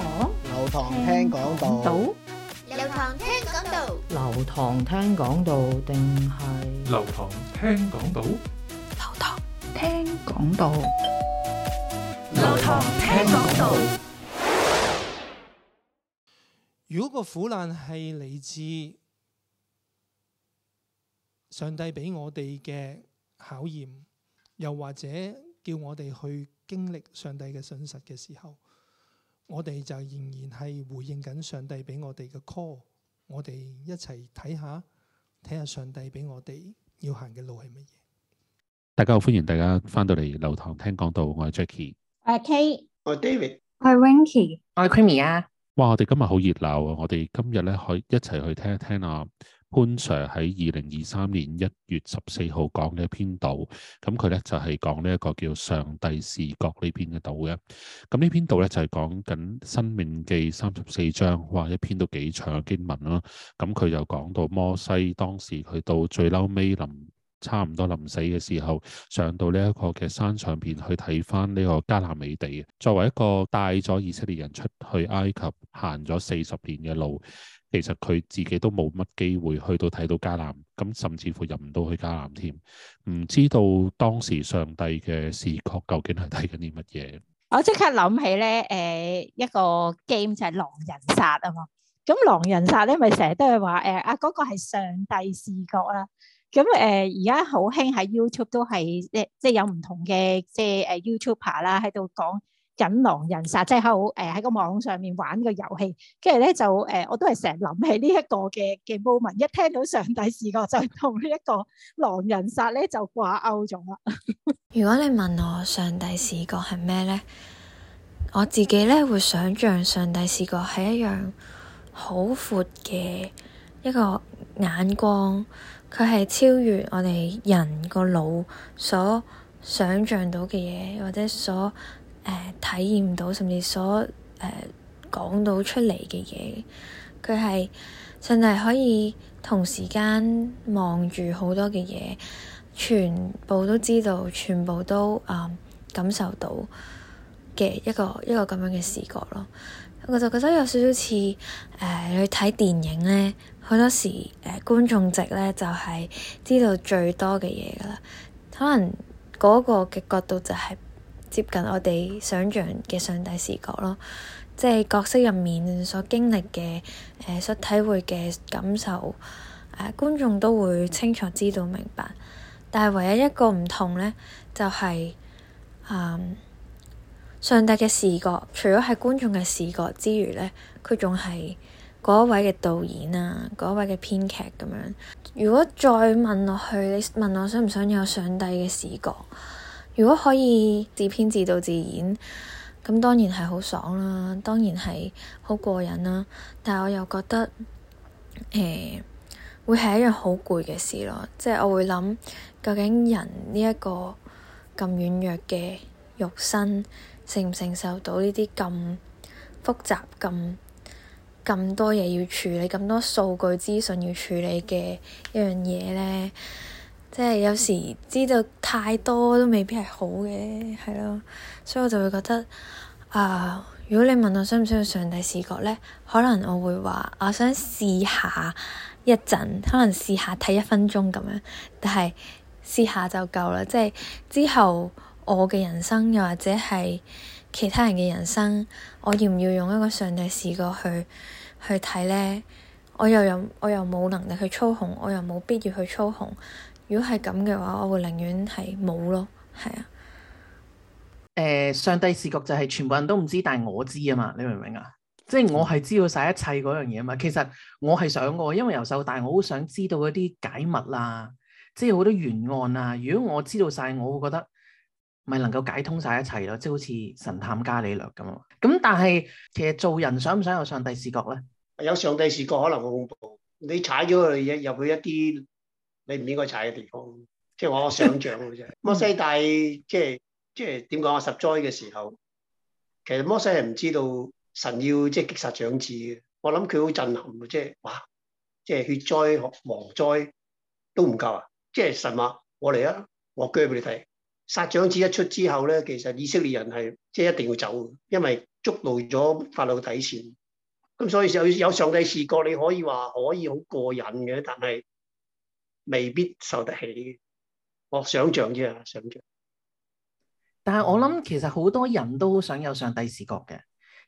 流堂聽講道，流堂聽講道，流堂聽講道定係流堂聽講道，流堂聽講道，流堂聽講道。道如果個苦難係嚟自上帝俾我哋嘅考驗，又或者叫我哋去經歷上帝嘅信實嘅時候。我哋就仍然係回應緊上帝俾我哋嘅 call，我哋一齊睇下睇下上帝俾我哋要行嘅路係乜嘢。大家好，歡迎大家翻到嚟流堂聽講道。我係 Jacky，我係 Kay，我係 David，我係 Winky，我係 Creamy 啊！哇，我哋今日好熱鬧啊！我哋今日咧可以一齊去聽一聽啊！潘 sir 喺二零二三年一月十四號講嘅一篇道，咁佢呢就係講呢一個叫上帝視角呢篇嘅道嘅。咁呢篇道呢，就係講緊《申命記》三十四章，哇！一篇都幾長經文啦，啊。咁佢就講到摩西當時去到最嬲尾臨差唔多臨死嘅時候，上到呢一個嘅山上邊去睇翻呢個迦南美地。作為一個帶咗以色列人出去埃及行咗四十年嘅路。其實佢自己都冇乜機會去到睇到迦南，咁甚至乎入唔到去迦南添，唔知道當時上帝嘅視覺究竟係睇緊啲乜嘢。我即刻諗起咧，誒、呃，一個 game 就係狼人殺啊嘛。咁、嗯、狼人殺咧，咪成日都係話，誒、呃，啊嗰、個係上帝視覺、呃呃呃 YouTuber、啦。咁誒，而家好興喺 YouTube 都係，即即係有唔同嘅即係誒 YouTuber 啦喺度講。緊狼人殺，即係喺誒喺個網上面玩個遊戲，跟住咧就誒、呃，我都係成日諗起呢一個嘅嘅 moment。一聽到上帝視角，就同呢一個狼人殺咧就掛鈎咗啦。 如果你問我上帝視角係咩呢？我自己咧會想象上帝視角係一樣好闊嘅一個眼光，佢係超越我哋人個腦所想象到嘅嘢，或者所。誒、呃、體驗到，甚至所誒講、呃、到出嚟嘅嘢，佢係真係可以同時間望住好多嘅嘢，全部都知道，全部都啊、呃、感受到嘅一個一個咁樣嘅視覺咯。我就覺得有少少似你去睇電影咧，好多時誒、呃、觀眾席咧就係、是、知道最多嘅嘢噶啦，可能嗰個嘅角度就係、是。接近我哋想象嘅上帝視角咯，即係角色入面所經歷嘅，誒、呃、所體會嘅感受，誒、呃、觀眾都會清楚知道明白。但係唯一一個唔同呢，就係、是嗯，上帝嘅視角，除咗係觀眾嘅視角之餘呢，佢仲係嗰位嘅導演啊，嗰位嘅編劇咁樣。如果再問落去，你問我想唔想有上帝嘅視角？如果可以自編自導自演，咁當然係好爽啦，當然係好過癮啦。但係我又覺得，誒，會係一樣好攰嘅事咯。即係我會諗，究竟人呢一個咁軟弱嘅肉身，承唔承受到呢啲咁複雜、咁咁多嘢要處理、咁多數據資訊要處理嘅一樣嘢咧？即係有時知道太多都未必係好嘅，係咯，所以我就會覺得啊，如果你問我想唔想上帝視覺咧，可能我會話我想試下一陣，可能試下睇一分鐘咁樣，但係試下就夠啦。即係之後我嘅人生，又或者係其他人嘅人生，我要唔要用一個上帝視覺去去睇咧？我又有我又冇能力去操控，我又冇必要去操控。如果係咁嘅話，我會寧願係冇咯，係啊。誒、呃，上帝視覺就係全部人都唔知，但係我知啊嘛，你明唔明啊？嗯、即係我係知道晒一切嗰樣嘢啊嘛。其實我係想過，因為由細到大，我好想知道嗰啲解密啊，即係好多懸案啊。如果我知道晒，我會覺得咪能夠解通晒一切咯。即係好似神探伽利略咁啊。咁但係其實做人想唔想有上帝視覺咧？有上帝視覺可能好恐怖，你踩咗佢入去一啲。你唔應該踩嘅地方，即係我想象嘅啫。 摩西大即係即係點講啊？十災嘅時候，其實摩西係唔知道神要即係擊殺長子嘅。我諗佢好震撼嘅，即係哇！即係血災、蝗災都唔夠啊！即係神話我嚟啊！我鋸俾你睇，殺長子一出之後咧，其實以色列人係即係一定要走，因為觸怒咗法老底線。咁所以有有上帝視覺，你可以話可以好過癮嘅，但係。未必受得起，我想象啫，想象但係我諗，其實好多人都想有上帝視角嘅，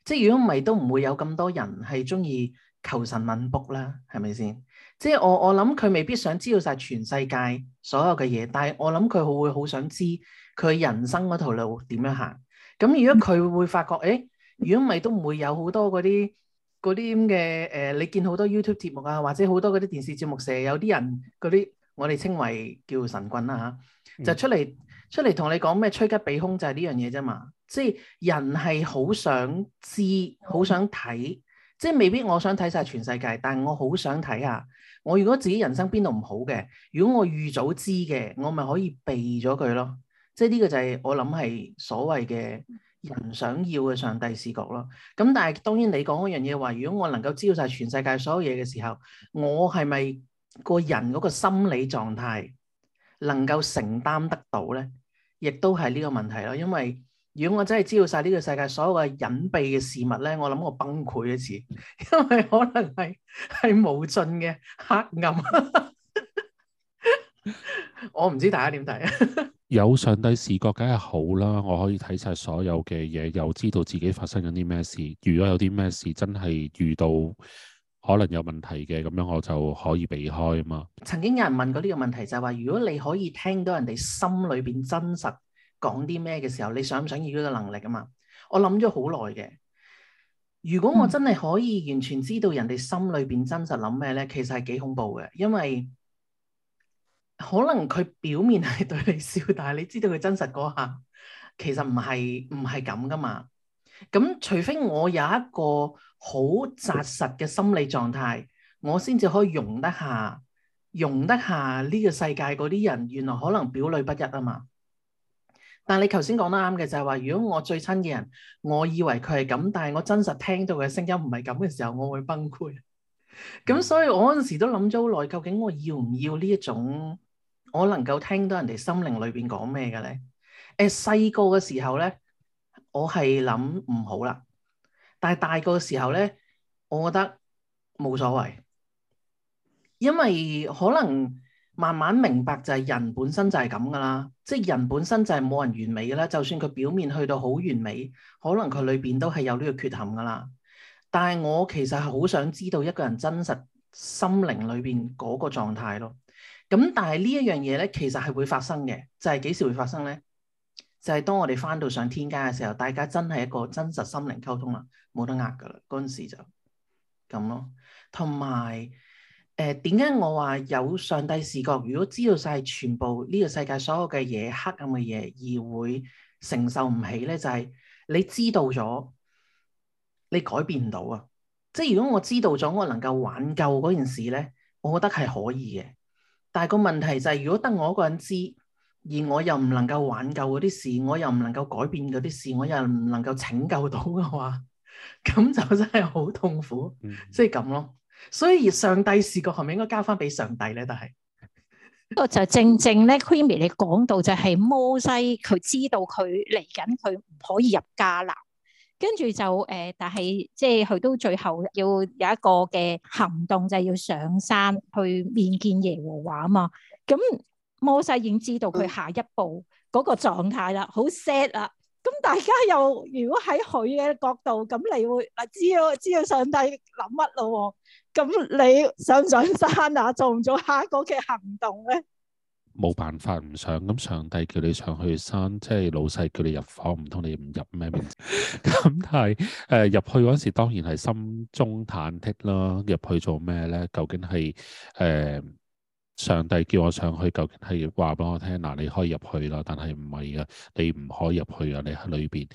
即係如果唔係，都唔會有咁多人係中意求神問卜啦，係咪先？即係我我諗佢未必想知道晒全世界所有嘅嘢，但係我諗佢會好想知佢人生嗰條路點樣行。咁如果佢會發覺，誒、哎，如果唔係，都唔會有好多嗰啲。嗰啲咁嘅誒，你見好多 YouTube 節目啊，或者好多嗰啲電視節目，成日有啲人嗰啲，我哋稱為叫為神棍啊，嚇、嗯，就出嚟出嚟同你講咩趨吉避凶，就係呢樣嘢啫嘛。即係人係好想知，好想睇，嗯、即係未必我想睇晒全世界，但係我好想睇下，我如果自己人生邊度唔好嘅，如果我預早知嘅，我咪可以避咗佢咯。即係呢個就係、是、我諗係所謂嘅。嗯人想要嘅上帝視角咯，咁但係當然你講嗰樣嘢話，如果我能夠知道晒全世界所有嘢嘅時候，我係咪個人嗰個心理狀態能夠承擔得到咧？亦都係呢個問題咯。因為如果我真係知道晒呢個世界所有嘅隱秘嘅事物咧，我諗我崩潰一次，因為可能係係無盡嘅黑暗。 我唔知大家點睇。有上帝視覺梗係好啦，我可以睇晒所有嘅嘢，又知道自己發生緊啲咩事。如果有啲咩事真係遇到可能有問題嘅，咁樣我就可以避開啊嘛。曾經有人問過呢個問題，就係話如果你可以聽到人哋心裏邊真實講啲咩嘅時候，你想唔想要呢個能力啊嘛？我諗咗好耐嘅。如果我真係可以完全知道人哋心裏邊真實諗咩咧，嗯、其實係幾恐怖嘅，因為。可能佢表面係對你笑，但係你知道佢真實嗰下，其實唔係唔係咁噶嘛。咁除非我有一個好紮實嘅心理狀態，我先至可以容得下，容得下呢個世界嗰啲人原來可能表裏不一啊嘛。但係你頭先講得啱嘅就係話，如果我最親嘅人，我以為佢係咁，但係我真實聽到嘅聲音唔係咁嘅時候，我會崩潰。咁所以我嗰陣時都諗咗好耐，究竟我要唔要呢一種？我能夠聽到人哋心靈裏邊講咩嘅咧？誒細個嘅時候咧，我係諗唔好啦。但係大個嘅時候咧，我覺得冇所謂，因為可能慢慢明白就係人本身就係咁噶啦。即係人本身就係冇人完美嘅啦。就算佢表面去到好完美，可能佢裏邊都係有呢個缺陷噶啦。但係我其實係好想知道一個人真實心靈裏邊嗰個狀態咯。咁、嗯、但係呢一樣嘢咧，其實係會發生嘅，就係、是、幾時會發生咧？就係、是、當我哋翻到上天家嘅時候，大家真係一個真實心靈溝通啦，冇得呃噶啦，嗰陣時就咁咯。同埋誒，點、呃、解我話有上帝視覺？如果知道晒全部呢、這個世界所有嘅嘢、黑暗嘅嘢，而會承受唔起咧，就係、是、你知道咗，你改變到啊！即、就、係、是、如果我知道咗，我能夠挽救嗰件事咧，我覺得係可以嘅。但係個問題就係，如果得我一個人知，而我又唔能夠挽救嗰啲事，我又唔能夠改變嗰啲事，我又唔能夠拯救到嘅話，咁就真係好痛苦，所以咁咯。所以而上帝視覺係咪應該交翻俾上帝咧，但係，不過就正正咧 ，Creamy 你講到就係摩西佢知道佢嚟緊佢唔可以入迦南。跟住就誒，但係即係佢都最後要有一個嘅行動，就係要上山去面見耶和華啊嘛。咁摩西已經知道佢下一步嗰個狀態啦，好 sad 啦。咁大家又如果喺佢嘅角度，咁你會嗱，知道知道上帝諗乜咯？咁你上唔上山啊？做唔做下一個嘅行動咧？冇辦法唔上，咁上帝叫你上去山，即係老細叫你入房，唔通你唔入咩？咁但係誒入去嗰時，當然係心中忐忑啦。入去做咩呢？究竟係誒、呃、上帝叫我上去，究竟係話俾我聽嗱、啊，你可以入去啦，但係唔係啊，你唔可以入去啊。你喺裏邊，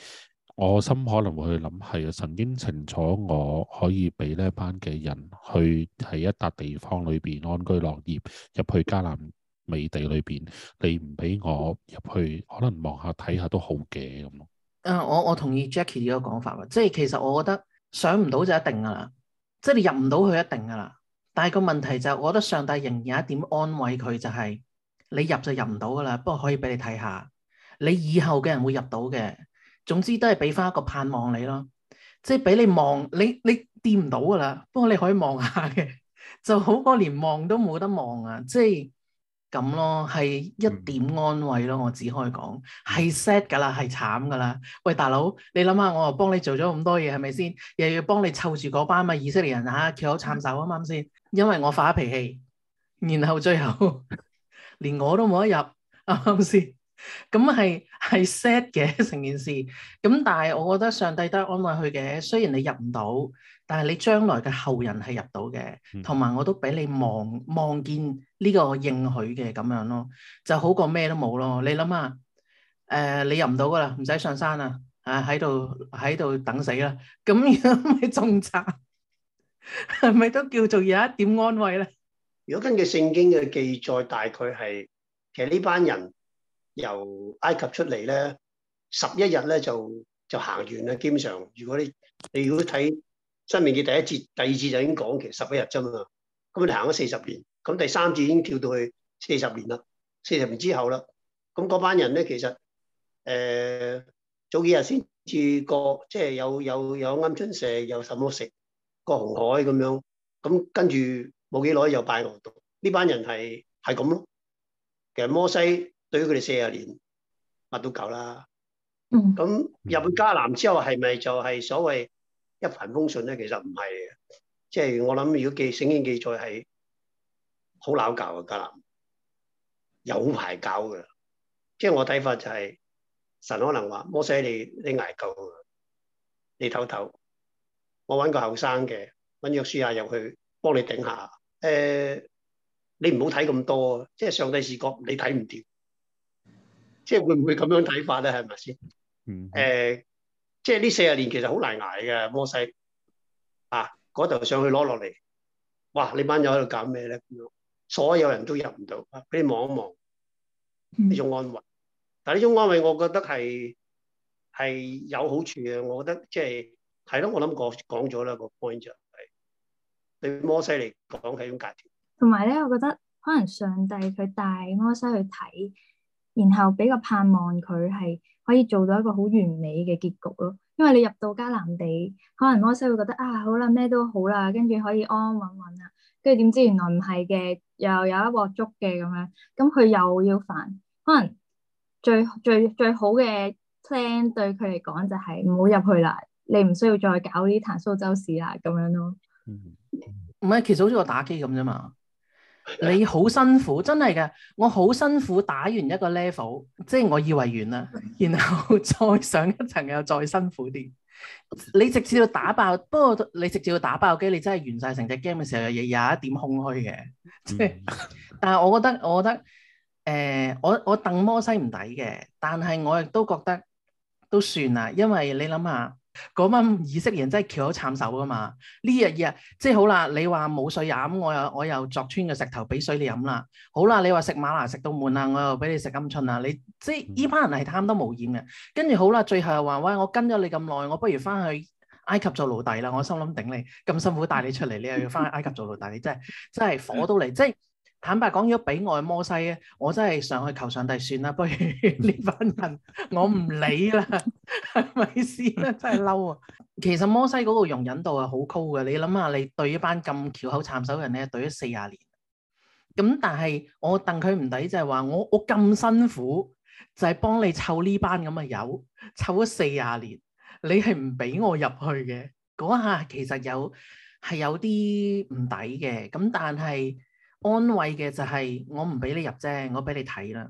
我心可能會諗係啊，神應承咗，我可以俾呢一班嘅人去喺一笪地方裏邊安居樂業，入去迦南。」美地裏邊，你唔俾我入去，可能望下睇下都好嘅咁咯。誒、啊，我我同意 Jacky 呢個講法喎，即係其實我覺得想唔到就一定噶啦，即係你入唔到去一定噶啦。但係個問題就係，我覺得上帝仍然有一點安慰佢、就是，就係你入就入唔到噶啦，不過可以俾你睇下，你以後嘅人會入到嘅。總之都係俾翻一個盼望你咯，即係俾你望你你掂唔到噶啦，不過你可以望下嘅，就好過連望都冇得望啊！即係。咁咯，係一點安慰咯，我只可以講係 sad 噶啦，係慘噶啦。喂，大佬，你諗下，我又幫你做咗咁多嘢，係咪先？又要幫你湊住嗰班嘛以色列人啊，佢好慘手啊，啱啱先？因為我發咗脾氣，然後最後 連我都冇得入，啱啱先？咁係係 sad 嘅成件事。咁但係我覺得上帝都係安慰佢嘅，雖然你入唔到，但係你將來嘅後人係入到嘅，同埋、嗯、我都俾你望望見。呢個應許嘅咁樣咯，就好過咩都冇咯。你諗下，誒、呃、你入唔到噶啦，唔使上山啊，喺度喺度等死啦。咁樣咪仲慘，係咪都叫做有一點安慰咧？如果根據聖經嘅記載大，大概係其實呢班人由埃及出嚟咧，十一日咧就就行完啦。基本上，如果你你如果睇申命記第一節第二節就已經講其實十一日啫嘛，咁你行咗四十年。咁第三次已經跳到去四十年啦，四十年之後啦，咁嗰班人咧其實誒、呃、早幾日先至過，即係有有有鵪鶉食，有什麼食過紅海咁樣，咁跟住冇幾耐又敗落度。呢班人係係咁咯。其實摩西對於佢哋四十年乜都夠啦。咁入到迦南之後係咪就係所謂一帆風順咧？其實唔係，即係我諗如果記聖經記載係。好攪搞啊，迦南有排搞嘅，即係我睇法就係、是、神可能話：摩西，你你捱夠啊。你唞唞，我揾個後生嘅揾約書亞入去幫你頂下。誒、呃，你唔好睇咁多，啊，即係上帝視覺你睇唔掂，即係會唔會咁樣睇法咧？係咪先？誒，即係呢四十年其實好難捱嘅，摩西啊，嗰頭上去攞落嚟，哇！你班友喺度搞咩咧？所有人都入唔到，俾你望一望呢種安慰。但呢種安慰我，我覺得係、就、係、係就係、有好處嘅。我覺得即係係咯，我諗講講咗啦個 point 就係對摩西嚟講係一種隔斷。同埋咧，我覺得可能上帝佢帶摩西去睇，然後俾個盼望佢係可以做到一個好完美嘅結局咯。因為你入到迦南地，可能摩西會覺得啊，好啦，咩都好啦，跟住可以安穩穩啦。跟住點知原來唔係嘅，又有一鑊粥嘅咁樣，咁佢又要煩。可能最最最好嘅 plan 對佢嚟講就係唔好入去啦，你唔需要再搞呢壇蘇州市啦咁樣咯。唔係、嗯，其實好似我打機咁啫嘛。你好辛苦，真係嘅，我好辛苦打完一個 level，即係我以為完啦，然後再上一層又再辛苦啲。你直接要打爆，不過你直接要打爆機，你真係完晒成隻 game 嘅時候，有嘢，有一點空虛嘅。即係，但係我覺得，我覺得，誒、呃，我我鄧摩西唔抵嘅，但係我亦都覺得都算啦，因為你諗下。嗰班以色列人真係鉤手撐手噶嘛？呢日日即係好啦，你話冇水飲，我又我又鑿穿個石頭俾水你飲啦。好啦，你話食嗎哪食到悶啦，我又俾你食鵪鶉啦。你即係呢班人係貪得無厭嘅。跟住好啦，最後又話喂，我跟咗你咁耐，我不如翻去埃及做奴隸啦。我心諗，頂你咁辛苦帶你出嚟，你又要翻去埃及做奴隸，你 真係真係火到嚟， 即係。坦白講，如果俾我係摩西咧，我真係上去求上帝算啦。不如呢班人， 我唔理啦，係咪先咧？真係嬲啊！ 其實摩西嗰個容忍度係好高嘅。你諗下，你對一班咁橋口插手人咧，對咗四十年。咁但係我戥佢唔抵，就係話我我咁辛苦，就係幫你湊呢班咁嘅友，湊咗四十年，你係唔俾我入去嘅嗰下，其實有係有啲唔抵嘅。咁但係。安慰嘅就係我唔俾你入啫，我俾你睇啦。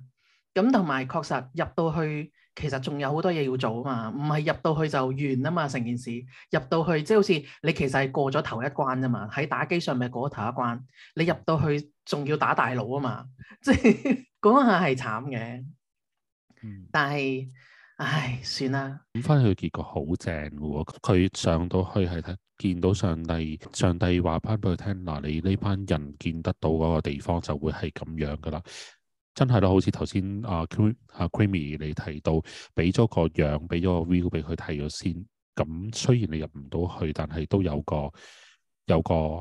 咁同埋確實入到去，其實仲有好多嘢要做啊嘛，唔係入到去就完啊嘛，成件事入到去即係好似你其實係過咗頭一關啊嘛，喺打機上面過咗頭一關，你入到去仲要打大佬啊嘛，即係嗰下係慘嘅，嗯、但係。唉，算啦。咁翻去嘅結果好正嘅喎，佢上到去係睇見到上帝，上帝話翻俾佢聽嗱，你呢班人見得到嗰個地方就會係咁樣噶啦。真係咯，好似頭先阿阿 Creamy 你提到，俾咗個樣，俾咗個 view 俾佢睇咗先。咁、嗯、雖然你入唔到去，但係都有個有個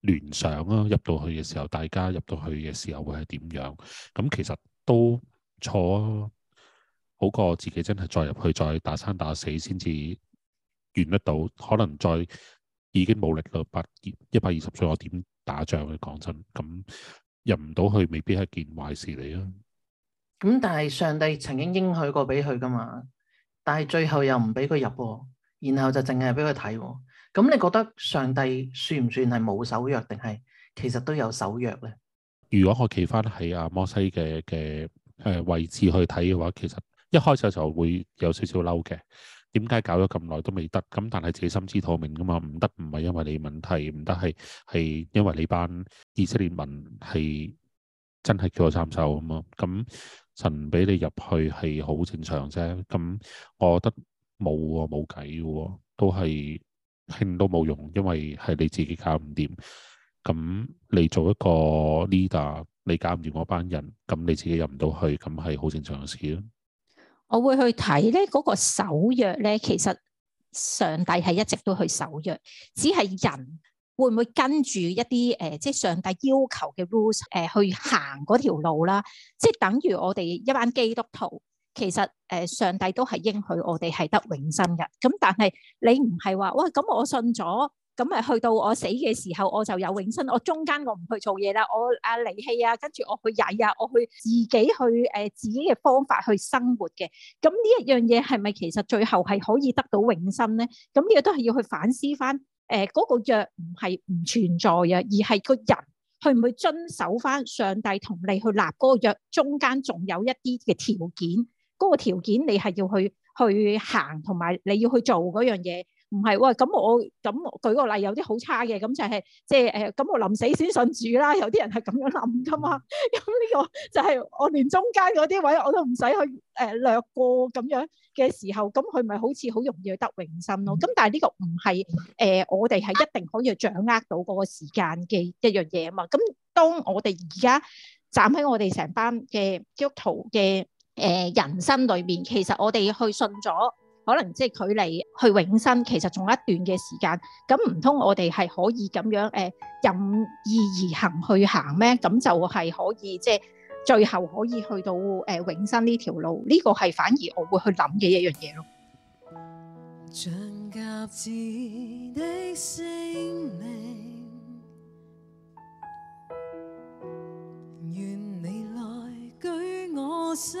聯想啊。入到去嘅時候，大家入到去嘅時候會係點樣？咁、嗯、其實都錯啊。好過自己真係再入去再打生打死先至完得到，可能再已經冇力咯。百一百二十歲我點打仗？講真，咁入唔到去，未必係件壞事嚟啊！咁、嗯、但係上帝曾經應許過俾佢噶嘛？但係最後又唔俾佢入，啊，然後就淨係俾佢睇。咁你覺得上帝算唔算係冇守約，定係其實都有守約咧？如果我企翻喺阿摩西嘅嘅誒位置去睇嘅話，其實。一開始嘅時候會有少少嬲嘅，點解搞咗咁耐都未得？咁但係自己心知肚明噶嘛，唔得唔係因為你問題，唔得係係因為你班以色列民係真係叫我參手吖嘛。咁神俾你入去係好正常啫。咁我覺得冇冇計嘅，都係拼都冇用，因為係你自己搞唔掂。咁你做一個 leader，你搞唔掂嗰班人，咁你自己入唔到去，咁係好正常嘅事咯。我會去睇咧，嗰、那個守約咧，其實上帝係一直都去守約，只係人會唔會跟住一啲誒、呃，即係上帝要求嘅 rules 誒，去行嗰條路啦。即係等於我哋一班基督徒，其實誒、呃，上帝都係應許我哋係得永生嘅。咁但係你唔係話，喂，咁我信咗。咁咪去到我死嘅時候，我就有永生。我中間我唔去做嘢啦，我啊離棄啊，跟住我去曳啊，我去自己去誒、呃、自己嘅方法去生活嘅。咁呢一樣嘢係咪其實最後係可以得到永生咧？咁呢個都係要去反思翻誒，嗰個約唔係唔存在啊，而係個人去唔去遵守翻上帝同你去立嗰個約，中間仲有一啲嘅條件，嗰、嗰個條件你係要去去行，同埋你要去做嗰樣嘢。唔係喎，咁我咁舉個例，有啲好差嘅，咁就係即係誒，咁我臨死先信主啦。有啲人係咁樣諗噶嘛。咁呢個就係我連中間嗰啲位我都唔使去誒略過咁樣嘅時候，咁佢咪好似好容易得永生咯。咁但係呢個唔係誒，我哋係一定可以掌握到嗰個時間嘅一樣嘢啊嘛。咁當我哋而家站喺我哋成班嘅基督徒嘅誒人生裏面，其實我哋去信咗。可能即係距離去永生其實仲有一段嘅時間，咁唔通我哋係可以咁樣誒任意而行去行咩？咁就係可以即係最後可以去到誒永生呢條路呢個係反而我會去諗嘅一樣嘢咯。像鴿子的聖靈，願你來居我心。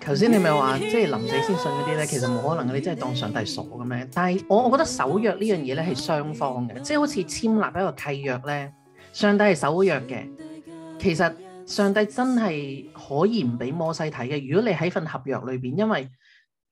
頭先你咪話即係臨死先信嗰啲咧，其實冇可能，你真係當上帝傻嘅咩？但係我我覺得守約呢樣嘢咧係雙方嘅，即係好似簽立一個契約咧，上帝係守約嘅。其實上帝真係可以唔俾摩西睇嘅。如果你喺份合約裏邊，因為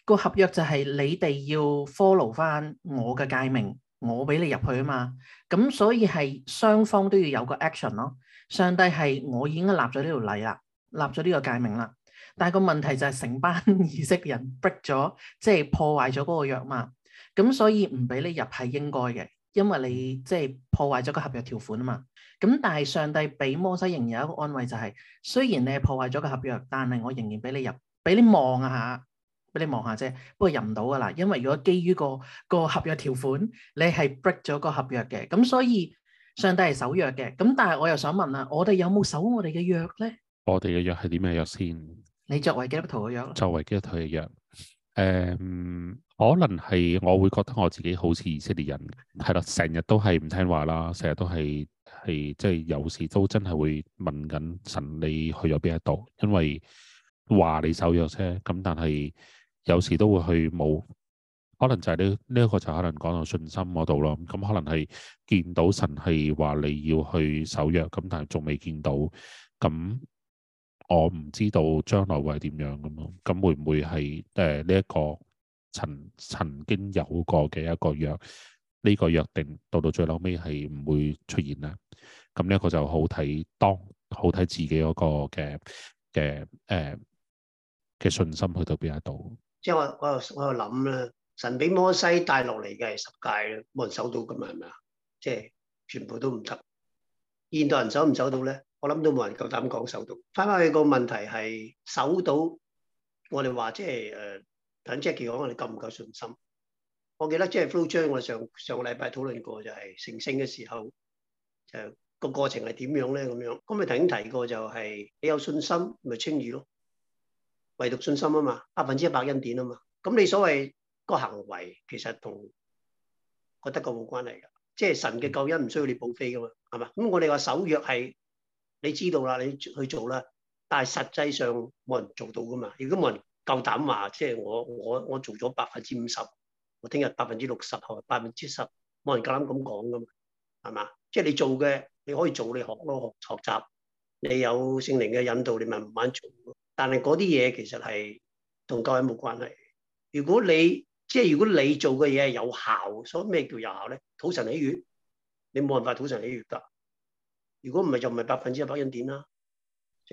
個合約就係你哋要 follow 翻我嘅誡命，我俾你入去啊嘛。咁所以係雙方都要有個 action 咯。上帝係我已經立咗呢條例啦，立咗呢個誡命啦。但係個問題就係、是、成班以色列人 break 咗，即係破壞咗嗰個約嘛。咁所以唔俾你入係應該嘅，因為你即係破壞咗個合約條款啊嘛。咁但係上帝俾摩西仍然有一個安慰、就是，就係雖然你係破壞咗個合約，但係我仍然俾你入，俾你望下吓，俾你望下啫。不過入唔到噶啦，因為如果基於、嗰個、嗰個合約條款，你係 break 咗個合約嘅，咁所以。上帝係守約嘅，咁但係我又想問下，我哋有冇守我哋嘅約咧？我哋嘅約係點嘅約先？你作為基督徒嘅約？作為基督徒嘅約，誒、呃，可能係我會覺得我自己好似以色列人，係啦，成日都係唔聽話啦，成日都係係即係有時都真係會問緊神，你去咗邊一度？因為話你守約啫，咁但係有時都會去冇。可能就係呢呢一個就可能講到信心嗰度咯，咁、嗯、可能係見到神係話你要去守約，咁但係仲未見到，咁、嗯、我唔知道將來會係點樣咁，咁、嗯、會唔會係誒呢一個曾曾經有過嘅一個約，呢、這個約定到到最後尾係唔會出現咧？咁呢一個就好睇當好睇自己嗰個嘅嘅誒嘅信心去到邊一度。即係我我有我又諗啦。神俾摩西帶落嚟嘅係十戒啦，冇人守到咁係咪啊？即係全部都唔得。現代人守唔守到咧？我諗都冇人夠膽講守到。翻返去個問題係守到，我哋話即係誒，等 Jackie 講我哋夠唔夠信心。我記得即係流堂，我上上個禮拜討論過就係成聖嘅時候，就個過程係點樣咧咁樣。咁咪頭先提過就係你有信心咪稱義咯，唯獨信心啊嘛，百分之一百恩典啊嘛。咁你所謂。個行為其實同個得救冇關係噶，即係神嘅救恩唔需要你補飛噶嘛，係嘛？咁我哋話守約係你知道啦，你去做啦，但係實際上冇人做到噶嘛。如果冇人夠膽話，即係我我我做咗百分之五十，我聽日百分之六十或百分之十，冇人夠膽咁講噶嘛，係嘛？即係你做嘅，你可以做，你學咯，學習你有聖靈嘅引導，你咪慢慢做。但係嗰啲嘢其實係同救恩冇關係。如果你即係如果你做嘅嘢係有效，所以咩叫有效咧？討神喜悅，你冇辦法討神喜悅㗎。如果唔係就唔係百分之一百恩典啦。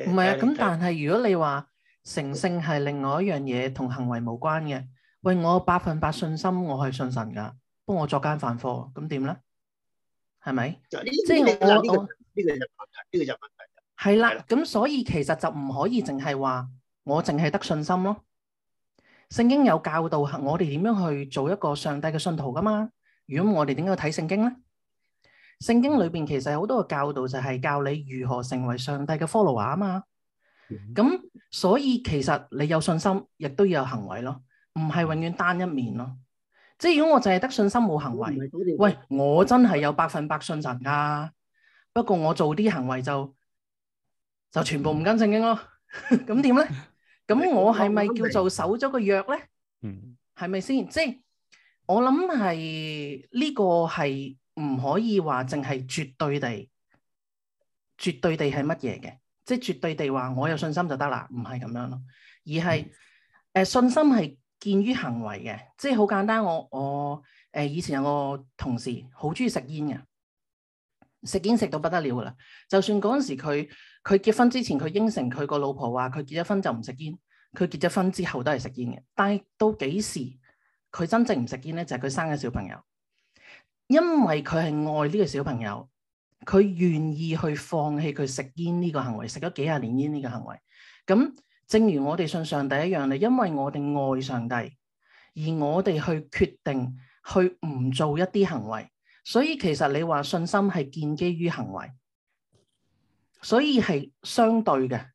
唔係啊，咁但係如果你話成聖係另外一樣嘢，同行為冇關嘅。喂，我百分百信心，我係信神㗎，幫我作奸犯科，咁點咧？係咪？即係我呢個就問題，呢個就問題。係啦，咁所以其實就唔可以淨係話我淨係得信心咯。聖經有教導我哋點樣去做一個上帝嘅信徒噶嘛？如果我哋點樣去睇聖經咧？聖經裏邊其實有好多嘅教導，就係教你如何成為上帝嘅 follower 啊嘛。咁所以其實你有信心，亦都要有行為咯，唔係永遠單一面咯。即係如果我淨係得信心冇行為，喂，我真係有百分百信神噶，不過我做啲行為就就全部唔跟聖經咯，咁點咧？咁我係咪叫做守咗個約咧？嗯，係咪先？即係我諗係呢個係唔可以話淨係絕對地、絕對地係乜嘢嘅？即係絕對地話我有信心就得啦，唔係咁樣咯。而係誒信心係建於行為嘅，即係好簡單。我我誒以前有個同事好中意食煙嘅。食煙食到不得了噶啦！就算嗰陣時佢佢結婚之前，佢應承佢個老婆話佢結咗婚就唔食煙，佢結咗婚之後都係食煙嘅。但係到幾時佢真正唔食煙咧？就係佢生嘅小朋友，因為佢係愛呢個小朋友，佢願意去放棄佢食煙呢個行為，食咗幾廿年煙呢個行為。咁正如我哋信上帝一樣咧，因為我哋愛上帝，而我哋去決定去唔做一啲行為。所以其實你話，信心係建基於行為，所以係相對嘅。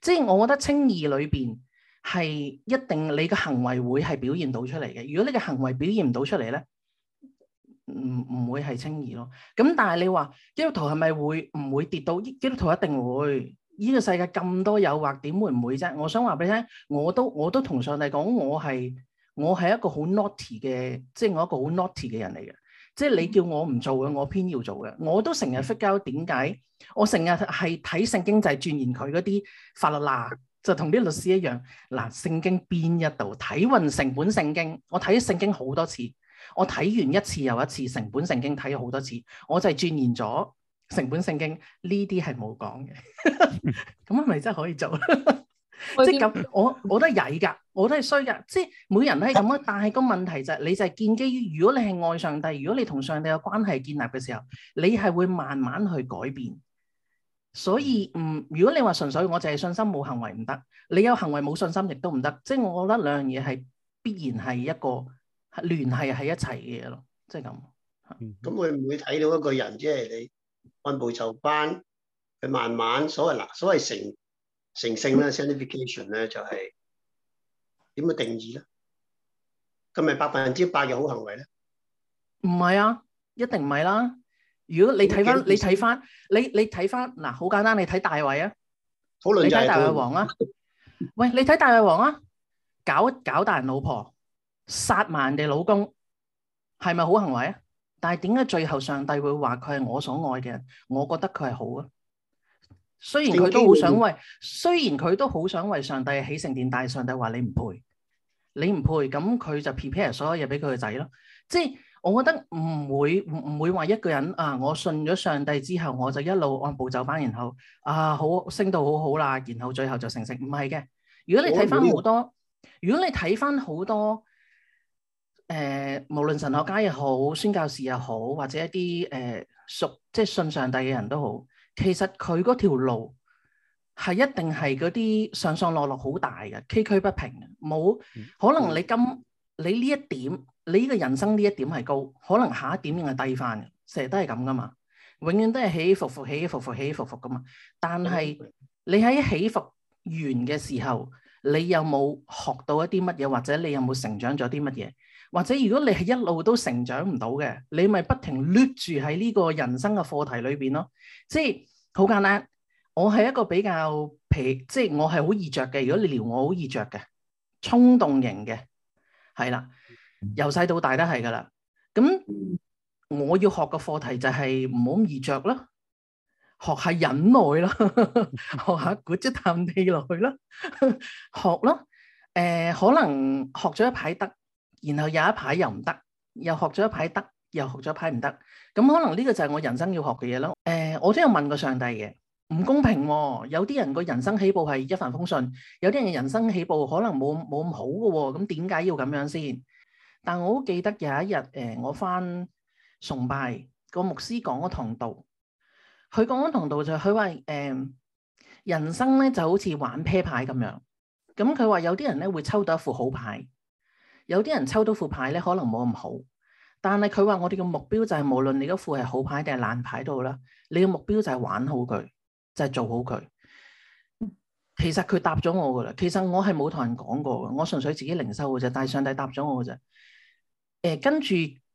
即係我覺得清意裏邊係一定你嘅行為會係表現到出嚟嘅。如果你嘅行為表現唔到出嚟咧，唔唔會係清意咯。咁但係你話基督徒係咪會唔會跌到？基督徒一定會。呢、這個世界咁多誘惑，點會唔會啫？我想話俾你聽，我都我都同上帝講，我係我係一個好 naughty 嘅，即係我一個好 naughty 嘅人嚟嘅。即係你叫我唔做嘅，我偏要做嘅。我都成日分析點解，我成日係睇聖經就鑽研佢嗰啲法律啦，就同啲律師一樣嗱。聖經邊一度睇運成本聖經？我睇聖經好多次，我睇完一次又一次，成本聖經睇咗好多次，我就係鑽研咗成本聖經呢啲係冇講嘅，咁係咪真係可以做？ 即咁，我我都係曳噶，我都係衰噶。即係每人都係咁咯。但係個問題就係、是，你就係建基於。如果你係愛上帝，如果你同上帝嘅關係建立嘅時候，你係會慢慢去改變。所以，嗯，如果你話純粹我淨係信心冇行為唔得，你有行為冇信心亦都唔得。即係我覺得兩樣嘢係必然係一個聯繫喺一齊嘅嘢咯。即係咁。 嗯哼，咁佢會唔會睇到一個人，即係你按部就班，佢慢慢所謂嗱，所謂成。成性咧 sanctification 咧就係點嘅定義咧？咁咪百分之百嘅好行為咧？唔係啊，一定唔係啦。如果你睇翻，你睇翻，你你睇翻嗱，好、啊、簡單，你睇大衛啊，你睇大衛王啊。 喂，你睇大衛王啊，搞一搞大人老婆，殺埋人哋老公，係咪好行為啊？但係點解最後上帝會話佢係我所愛嘅人？我覺得佢係好啊。雖然佢都好想為，雖然佢都好想為上帝起聖殿，但係上帝話你唔配，你唔配，咁佢就 prepare 所有嘢俾佢個仔咯。即係我覺得唔會唔會話一個人啊，我信咗上帝之後，我就一路按步走翻，然後啊好升到好好啦，然後最後就成成唔係嘅。如果你睇翻好多，如果你睇翻好多，誒、呃，無論神學家又好，宣教士又好，或者一啲誒屬即係信上帝嘅人都好。其實佢嗰條路係一定係嗰啲上上落落好大嘅崎嶇不平，冇可能你今你呢一點你呢個人生呢一點係高，可能下一點應係低返嘅，成日都係咁噶嘛，永遠都係起起伏伏起伏起伏起伏起伏起伏伏噶嘛。但係你喺起伏完嘅時候，你有冇學到一啲乜嘢，或者你有冇成長咗啲乜嘢？或者如果你係一路都成長唔到嘅，你咪不停擸住喺呢個人生嘅課題裏邊咯。即係好簡單，我係一個比較皮，即係我係好易着嘅。如果你撩我，好易着嘅，衝動型嘅，係啦，由細到大都係噶啦。咁我要學嘅課題就係唔好咁易着啦，學下忍耐啦，學下攰即地落去啦，學啦。誒、呃，可能學咗一排得。然後有一排又唔得，又學咗一排得，又學咗一排唔得。咁可能呢個就係我人生要學嘅嘢咯。誒、呃，我都有問過上帝嘅，唔公平喎、哦。有啲人個人生起步係一帆風順，有啲人嘅人生起步可能冇冇咁好嘅、哦。咁點解要咁樣先？但我好記得有一日，誒、呃，我返崇拜、那個牧師講嗰堂道，佢講嗰堂道就佢、是、話，誒、呃，人生咧就好似玩啤牌咁樣。咁佢話有啲人咧會抽到一副好牌。有啲人抽到副牌咧，可能冇咁好，但係佢話：我哋嘅目標就係、是、無論你嗰副係好牌定係爛牌都好啦，你嘅目標就係玩好佢，就係、是、做好佢。其實佢答咗我㗎喇，其實我係冇同人講過嘅，我純粹自己靈修嘅啫。但係上帝答咗我嘅啫。誒、呃，跟住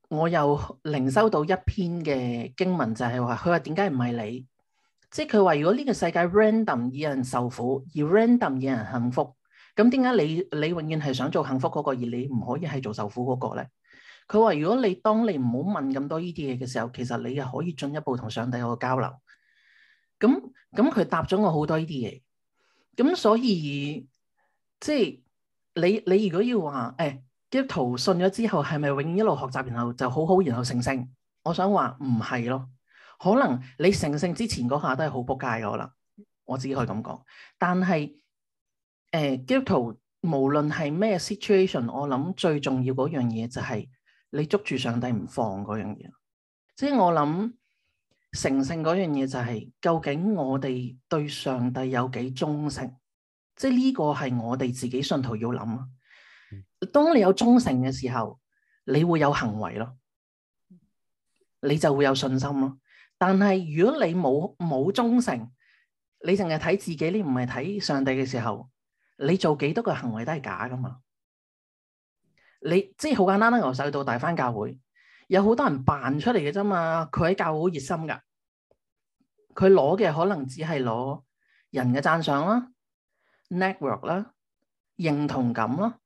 我又靈修到一篇嘅經文就，就係話：佢話點解唔係你？即係佢話：如果呢個世界 random 以人受苦，而 random 以人幸福。咁點解你你永遠係想做幸福嗰個而你唔可以係做受苦嗰個咧？佢話：如果你當你唔好問咁多呢啲嘢嘅時候，其實你又可以進一步同上帝有個交流。咁咁佢答咗我好多呢啲嘢。咁所以即係你你如果要話誒，基督徒信咗之後係咪永遠一路學習，然後就好好，然後成聖？我想話唔係咯，可能你成聖之前嗰下都係好仆街嘅可能，我只可以咁講。但係。誒，基督徒無論係咩 situation，我諗最重要嗰樣嘢就係你捉住上帝唔放嗰樣嘢。即係我諗，成聖嗰樣嘢就係、是、究竟我哋對上帝有幾忠誠。即係呢個係我哋自己信徒要諗。當你有忠誠嘅時候，你會有行為咯，你就會有信心咯。但係如果你冇冇忠誠，你淨係睇自己，你唔係睇上帝嘅時候。你做幾多個行為都係假噶嘛？你即係好簡單啦，由細到大翻教會，有好多人扮出嚟嘅啫嘛。佢喺教會好熱心噶，佢攞嘅可能只係攞人嘅讚賞啦、Network 啦、認同感啦，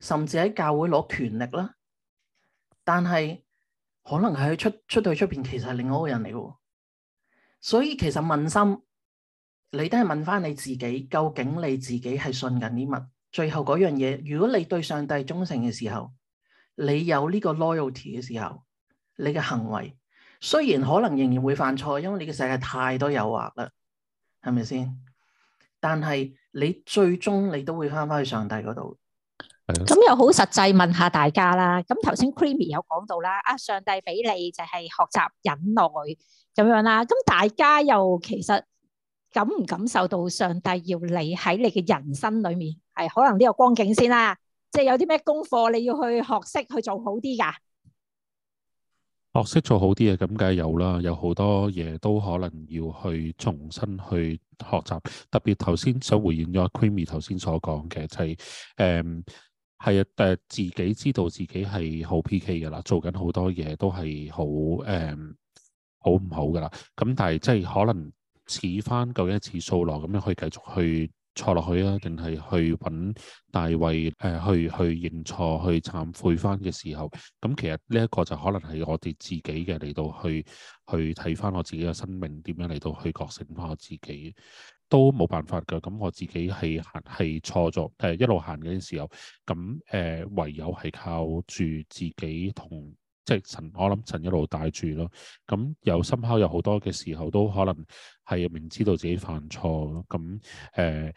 甚至喺教會攞權力啦。但係可能係佢出出到去出邊，其實係另外一個人嚟嘅。所以其實問心。你都係問翻你自己，究竟你自己係信緊啲乜？最後嗰樣嘢，如果你對上帝忠誠嘅時候，你有呢個 loyalty 嘅時候，你嘅行為雖然可能仍然會犯錯，因為你嘅世界太多誘惑啦，係咪先？但係你最終你都會翻翻去上帝嗰度。咁的 又好實際問下大家啦。咁頭先 Creamy 有講到啦，啊上帝俾你就係學習忍耐咁樣啦。咁大家又其實。感唔感受到上帝要你喺你嘅人生裏面係、哎、可能呢個光景先啦，即係有啲咩功課你要去學識去做好啲噶？學識做好啲嘢，咁梗係有啦，有好多嘢都可能要去重新去學習。特別頭先想回應咗 Creamy 頭先所講嘅就係誒係啊誒自己知道自己係好 P K 噶啦，做緊、呃、好多嘢都係好誒好唔好噶啦。咁但係即係可能。似翻究竟似數落，咁樣可以繼續去錯落去啊？定係去揾大衛誒、呃，去去認錯去懺悔翻嘅時候，咁其實呢一個就可能係我哋自己嘅嚟到去去睇翻我自己嘅生命點樣嚟到去覺醒翻我自己，都冇辦法噶。咁我自己係行係錯咗誒，一路行嘅時候，咁誒、呃、唯有係靠住自己同。即係神，我諗神一路帶住咯。咁、嗯、有深刻，有好多嘅時候都可能係明知道自己犯錯咯。咁、嗯、誒、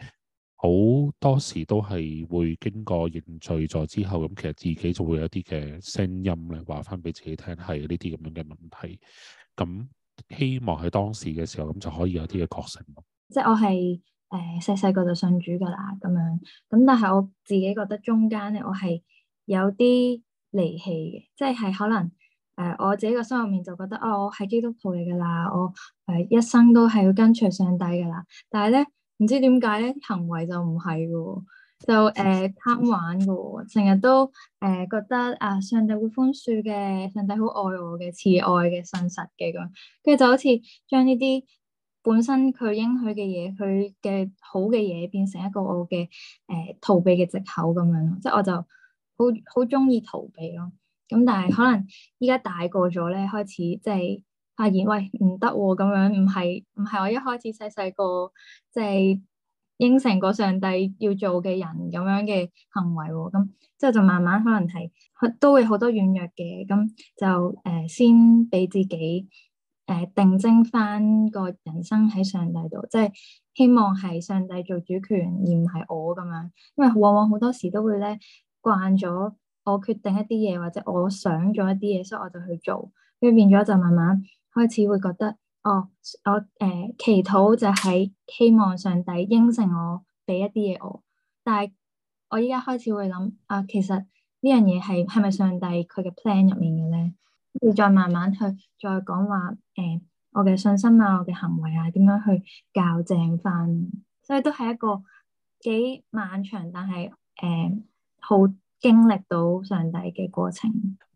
好、嗯、多時都係會經過認罪咗之後。咁、嗯、其實自己就會有啲嘅聲音咧，話翻俾自己聽，係呢啲咁樣嘅問題。咁、嗯、希望喺當時嘅時候，咁、嗯、就可以有啲嘅覺醒咯。即係我係誒，細細個就信主噶啦，咁樣。咁但係我自己覺得中間咧，我係有啲。離棄嘅，即係可能誒、呃，我自己個心入面就覺得啊、哦，我係基督徒嚟噶啦，我誒、呃、一生都係要跟隨上帝噶啦。但係咧，唔知點解咧，行為就唔係嘅，就誒、呃、貪玩嘅，成日都誒、呃、覺得啊，上帝會寬恕嘅，上帝好愛我嘅，慈愛嘅，信實嘅咁。跟住就好似將呢啲本身佢應許嘅嘢，佢嘅好嘅嘢，變成一個我嘅誒、呃、逃避嘅藉口咁樣咯。即係我就好好中意逃避咯，咁但係可能依家大個咗咧，開始即係發現喂唔得咁樣，唔係唔係我一開始細細個即係應承過上帝要做嘅人咁樣嘅行為，咁之後就慢慢可能係都會好多軟弱嘅，咁就誒、呃、先俾自己誒、呃、定睛返個人生喺上帝度，即、就、係、是、希望係上帝做主權，而唔係我咁樣，因為往往好多時都會咧。慣咗我決定一啲嘢，或者我想咗一啲嘢，所以我就去做，跟住變咗就慢慢開始會覺得，哦，我誒、呃、祈禱就喺希望上帝應承我俾一啲嘢我。但係我依家開始會諗，啊、呃，其實呢樣嘢係係咪上帝佢嘅 plan 入面嘅咧？要再慢慢去再講話，誒、呃，我嘅信心啊，我嘅行為啊，點樣去校正翻？所以都係一個幾漫長，但係誒。呃好經歷到上帝嘅過程，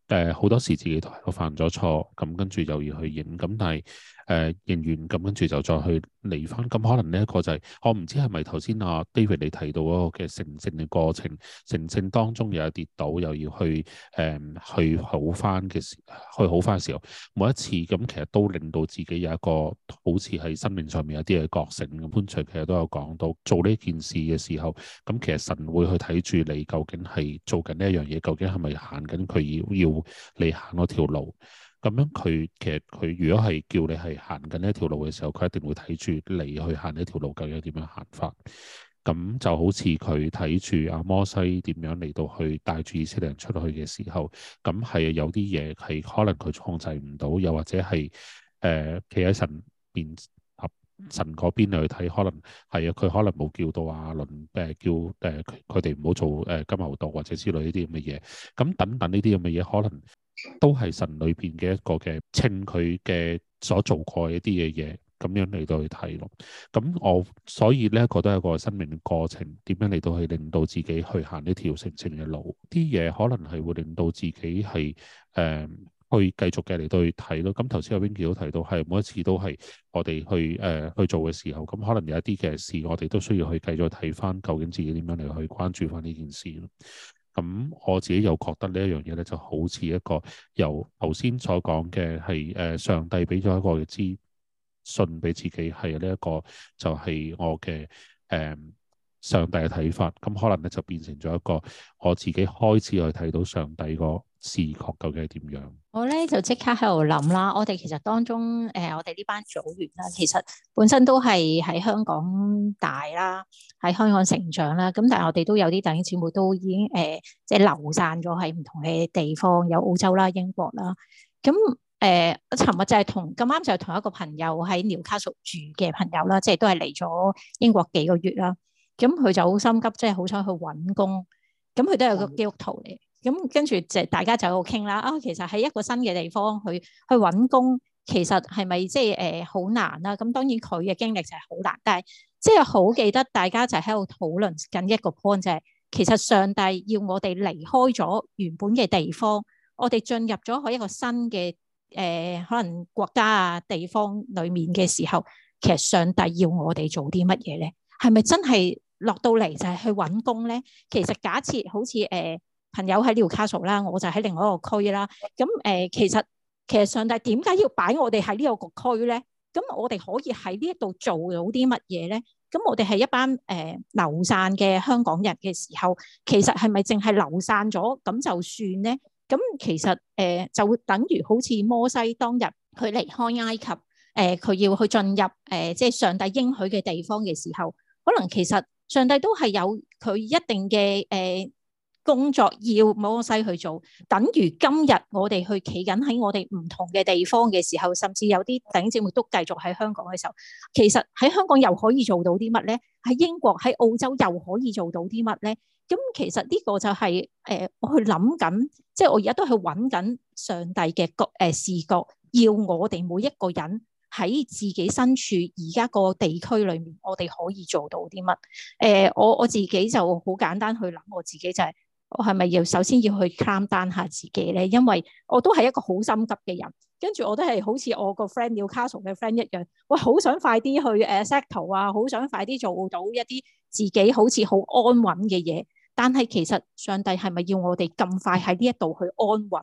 誒、呃，好多時自己都犯咗錯，咁跟住又要去影。咁但係。誒仍然咁，跟住就再去嚟翻，咁可能呢一個就係、是、我唔知係咪頭先阿 David 你提到嗰個嘅成聖嘅過程，成聖當中又有跌倒，又要去誒、呃、去好翻嘅時，去好翻嘅時候，每一次咁其實都令到自己有一個好似喺生命上面有啲嘢覺醒咁。潘、嗯、卓其實都有講到做呢件事嘅時候，咁其實神會去睇住你究竟係做緊呢一樣嘢，究竟係咪行緊佢要要你行嗰條路。咁樣佢其實佢如果係叫你係行緊呢一條路嘅時候，佢一定會睇住你去行呢一條路究竟點樣行法。咁就好似佢睇住阿摩西點樣嚟到去帶住以色列人出去嘅時候，咁係有啲嘢係可能佢控制唔到，又或者係誒企喺神邊合神嗰邊嚟睇，可能係啊，佢可能冇叫到阿倫誒、呃，叫誒佢哋唔好做誒、呃、金牛犢或者之類呢啲咁嘅嘢，咁等等呢啲咁嘅嘢可能。都係神裏邊嘅一個嘅稱佢嘅所做過一啲嘅嘢，咁樣嚟到去睇咯。咁我所以呢一個都係一個生命嘅過程，點樣嚟到去令到自己去行呢條成程嘅路？啲嘢可能係會令到自己係誒、呃、去繼續嘅嚟到去睇咯。咁頭先阿 Winky 都提到，係每一次都係我哋去誒、呃、去做嘅時候，咁可能有一啲嘅事，我哋都需要去繼續睇翻，究竟自己點樣嚟去關注翻呢件事咯。咁我自己又覺得呢一樣嘢呢，就好似一個由頭先所講嘅係誒上帝俾咗一個資訊俾自己，係呢一個就係我嘅誒、呃、上帝嘅睇法。咁可能呢，就變成咗一個我自己開始去睇到上帝個視覺究竟係點樣？我咧就即刻喺度諗啦。我哋其實當中誒、呃，我哋呢班組員啦，其實本身都係喺香港大啦，喺香港成長啦。咁但係我哋都有啲弟兄姊妹，都已經誒，即、呃、係、就是、流散咗喺唔同嘅地方，有澳洲啦、英國啦。咁誒，我尋日就係同咁啱就係同一個朋友喺紐卡素住嘅朋友啦，即、就、係、是、都係嚟咗英國幾個月啦。咁佢就好心急，即係好想去揾工。咁佢都有個基督徒嚟。嗯咁跟住就大家就喺度傾啦。啊，其實喺一個新嘅地方去去揾工，其實係咪即係誒好難呀？咁當然佢嘅經歷就係好難，但係即係好記得大家就喺度討論緊一個 point，就係其實上帝要我哋離開咗原本嘅地方，我哋進入咗喺一個新嘅誒可能國家啊地方裡面嘅時候，其實上帝要我哋做啲乜嘢咧？係咪真係落到嚟就係去揾工咧？其實假設好似誒。朋友喺呢度 castle 啦，我就喺另外一個區啦。咁誒、呃，其實其實上帝點解要擺我哋喺呢個區咧？咁我哋可以喺呢度做到啲乜嘢咧？咁我哋係一班誒、呃、流散嘅香港人嘅時候，其實係咪淨係流散咗咁就算咧？咁其實誒、呃、就會等於好似摩西當日佢離開埃及，誒、呃、佢要去進入誒即係上帝應許嘅地方嘅時候，可能其實上帝都係有佢一定嘅誒、呃工作要摩西去做，等於今日我哋去企緊喺我哋唔同嘅地方嘅時候，甚至有啲頂政府都繼續喺香港嘅時候，其實喺香港又可以做到啲乜咧？喺英國，喺澳洲，又可以做到啲乜咧？咁其實呢個就係、是、誒、呃、我去諗緊，即、就、係、是、我而家都去揾緊上帝嘅角誒視角，要我哋每一個人喺自己身處而家個地區裏面，我哋可以做到啲乜？誒、呃，我我自己就好簡單去諗我自己就係、是。我係咪要首先要去 calm down 下自己咧？因為我都係一個好心急嘅人，跟住我都係好似我個 friend，Newcastle 嘅 friend 一樣，我好想快啲去誒 settle 啊，好想快啲做到一啲自己好似好安穩嘅嘢。但係其實上帝係咪要我哋咁快喺呢一度去安穩，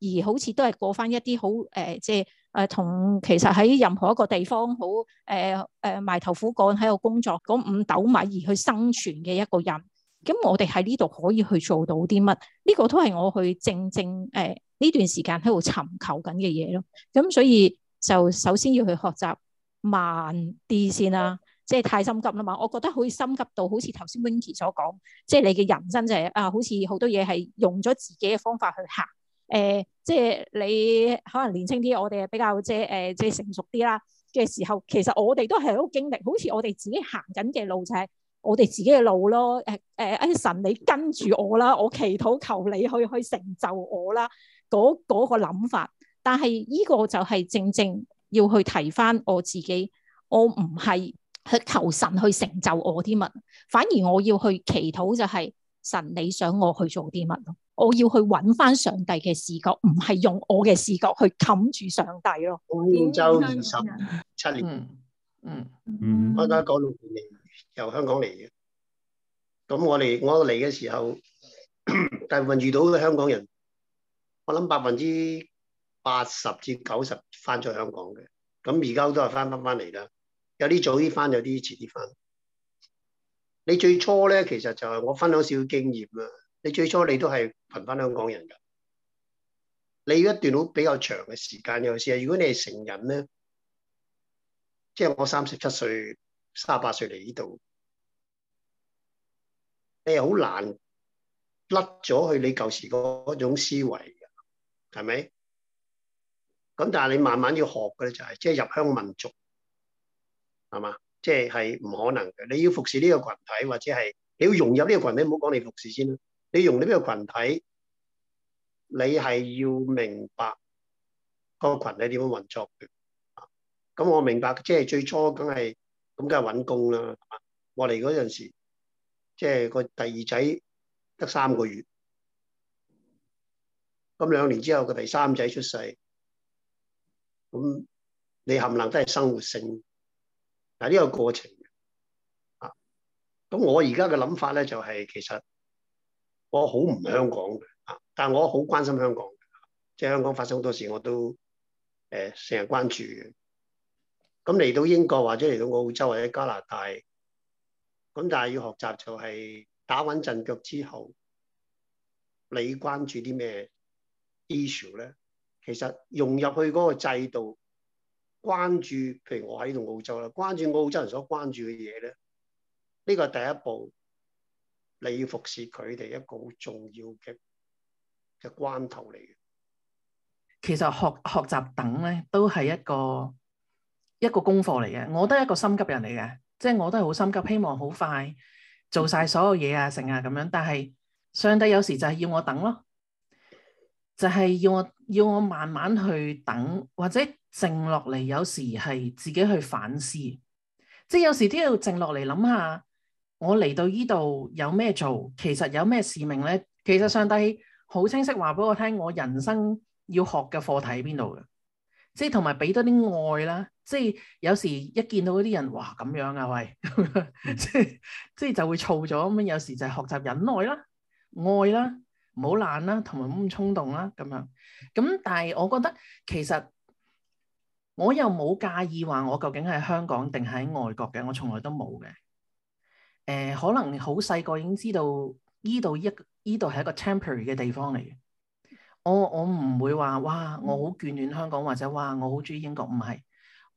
而好似都係過翻一啲好誒，即係誒、呃、同其實喺任何一個地方好誒誒埋頭苦幹喺度工作，嗰五斗米而去生存嘅一個人？咁我哋喺呢度可以去做到啲乜？呢、這個都係我去正正誒呢、呃、段時間喺度尋求緊嘅嘢咯。咁、嗯、所以就首先要去學習慢啲先啦，嗯、即係太心急啦嘛。我覺得好心急到好似頭先 Winky 所講，即係你嘅人生就係、是、啊，好似好多嘢係用咗自己嘅方法去行。誒、呃，即係你可能年輕啲，我哋比較、呃、即係誒即係成熟啲啦嘅時候，其實我哋都係喺度經歷，好似我哋自己行緊嘅路程。我哋自己嘅路咯，誒、哎、誒，阿、哎、神你跟住我啦，我祈禱求你去去成就我啦，嗰嗰、嗰個諗法。但係呢、呢個就係正正要去提翻我自己，我唔係去求神去成就我啲乜，反而我要去祈禱就係神你想我去做啲乜，我要去揾翻上帝嘅視角，唔係用我嘅視角去冚住上帝咯。澳洲二十七年。嗯嗯，嗯我而家九六年由香港嚟嘅，咁我嚟我嚟嘅時候， 大部分遇到嘅香港人，我諗百分之八十至九十翻咗香港嘅。咁而家都係翻翻翻嚟啦，有啲早啲翻，有啲遲啲翻。你最初咧，其實就係我分享少少經驗啊。你最初你都係群翻香港人噶，你要一段好比較長嘅時間，尤其是如果你係成人咧。即係我三十七歲、三十八歲嚟呢度，你又好難甩咗去你舊時嗰種思維嘅，係咪？咁但係你慢慢要學嘅就係、是，即係入鄉民族，係嘛？即係係唔可能嘅。你要服侍呢個群體，或者係你要融入呢個群體，唔好講你服侍先啦。你融入呢個群體，你係要明白嗰個羣體點樣運作嘅。咁我明白，即係最初梗係咁，梗係揾工啦。我嚟嗰陣時，即係個第二仔得三個月，咁兩年之後個第三仔出世，咁你冚唪唥都係生活性。但係，呢個過程啊，咁我而家嘅諗法咧就係、是、其實我好唔香港嘅啊，但係我好關心香港嘅，即、就、係、是、香港發生好多事我都誒成日關注嘅。咁嚟到英國或者嚟到澳洲或者加拿大，咁但係要學習就係打穩陣腳之後，你關注啲咩 issue 咧？其實融入去嗰個制度，關注譬如我喺度澳洲啦，關注澳洲人所關注嘅嘢咧，呢個係第一步，你要服侍佢哋一個好重要嘅嘅關頭嚟嘅。其實學學習等咧，都係一個一個功課嚟嘅，我都係一個心急人嚟嘅，即係我都係好心急，希望好快做晒所有嘢啊，成啊咁樣。但係上帝有時就係要我等咯，就係要我要我慢慢去等，或者靜落嚟，有時係自己去反思，即係有時都要靜落嚟諗下，我嚟到依度有咩做，其實有咩使命咧？其實上帝好清晰話俾我聽，我人生要學嘅課題喺邊度嘅，即係同埋俾多啲愛啦。即係有時一見到嗰啲人，哇咁樣啊，喂， 即係即係就會燥咗咁。有時就係學習忍耐啦、愛啦、唔好懶啦，同埋唔咁衝動啦，咁樣咁。但係我覺得其實我又冇介意話我究竟係香港定喺外國嘅，我從來都冇嘅。誒、呃，可能好細個已經知道呢度一呢度係一個 temporary 嘅地方嚟嘅。我我唔會話哇，我好眷戀香港或者哇，我好中意英國，唔係。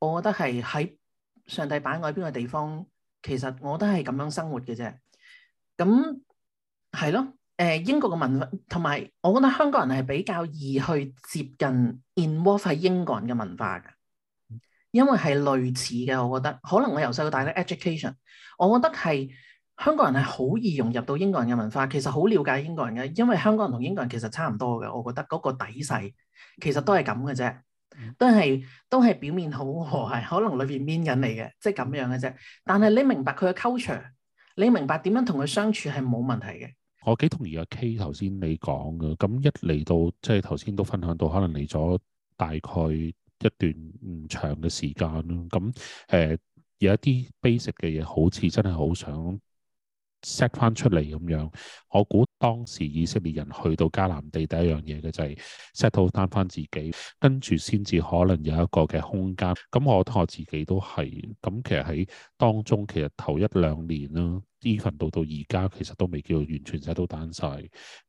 我覺得係喺上帝擺我喺邊個地方，其實我都係咁樣生活嘅啫。咁係咯，誒、呃、英國嘅文化，同埋我覺得香港人係比較易去接近 involve in 英國人嘅文化嘅，因為係類似嘅。我覺得可能我由細到大咧 education，我覺得係香港人係好易融入到英國人嘅文化，其實好了解英國人嘅，因為香港人同英國人其實差唔多嘅。我覺得嗰個底勢其實都係咁嘅啫。都係都係表面好和諧，係可能裏邊 mean 緊你嘅，即係咁樣嘅啫。但係你明白佢嘅 culture，你明白點樣同佢相處係冇問題嘅。我幾同意阿 K 頭先你講嘅，咁一嚟到即係頭先都分享到，可能嚟咗大概一段唔長嘅時間咯。咁誒有一啲 basic 嘅嘢，好似真係好想。set 翻出嚟咁樣，我估當時以色列人去到迦南地第一樣嘢嘅就係 set 到單翻自己，跟住先至可能有一個嘅空間。咁我覺得我自己都係，咁其實喺當中其實頭一兩年啦，呢份到到而家其實都未叫完全 set 到單晒。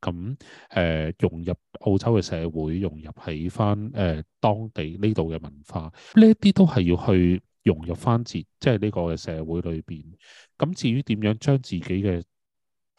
咁誒、呃、融入澳洲嘅社會，融入喺翻誒當地呢度嘅文化，呢一啲都係要去融入翻自即係呢個嘅社會裏邊。咁至於點樣將自己嘅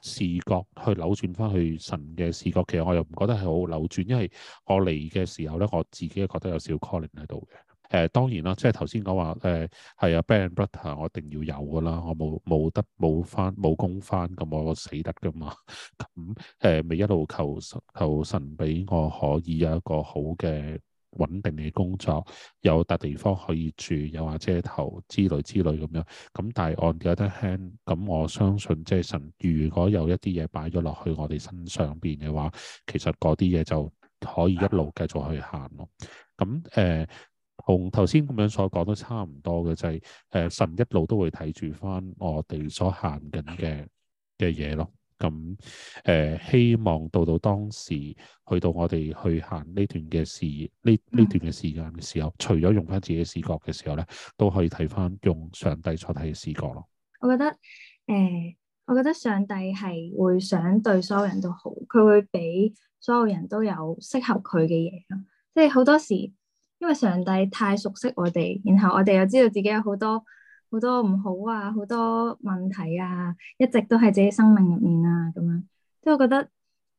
視覺去扭轉翻去神嘅視覺，其實我又唔覺得係好扭轉，因為我嚟嘅時候咧，我自己覺得有少 calling 喺度嘅。誒、呃、當然啦，即係頭先講話誒係啊，bread and butter 我一定要有噶啦，我冇冇得冇翻冇工翻咁我死得噶嘛。咁誒咪一路求，求神求神俾我可以有一個好嘅，穩定嘅工作，有笪地方可以住，有瓦遮頭之類之類咁樣。咁但係 on the other hand，咁我相信即係神。如果有一啲嘢擺咗落去我哋身上邊嘅話，其實嗰啲嘢就可以一路繼續去行咯。咁誒、嗯，同頭先咁樣所講都差唔多嘅，就係、是、誒、呃、神一路都會睇住翻我哋所行緊嘅嘅嘢咯。咁誒、呃，希望到到當時，去到我哋去行呢段嘅事，呢呢段嘅時間嘅時候，嗯、除咗用翻自己嘅視覺嘅時候咧，都可以睇翻用上帝所睇嘅視覺咯。我覺得誒、呃，我覺得上帝係會想對所有人都好，佢會俾所有人都有適合佢嘅嘢咯。即係好多時，因為上帝太熟悉我哋，然後我哋又知道自己有好多。好多唔好啊，好多問題啊，一直都喺自己生命入面啊，咁樣，即係我覺得，誒、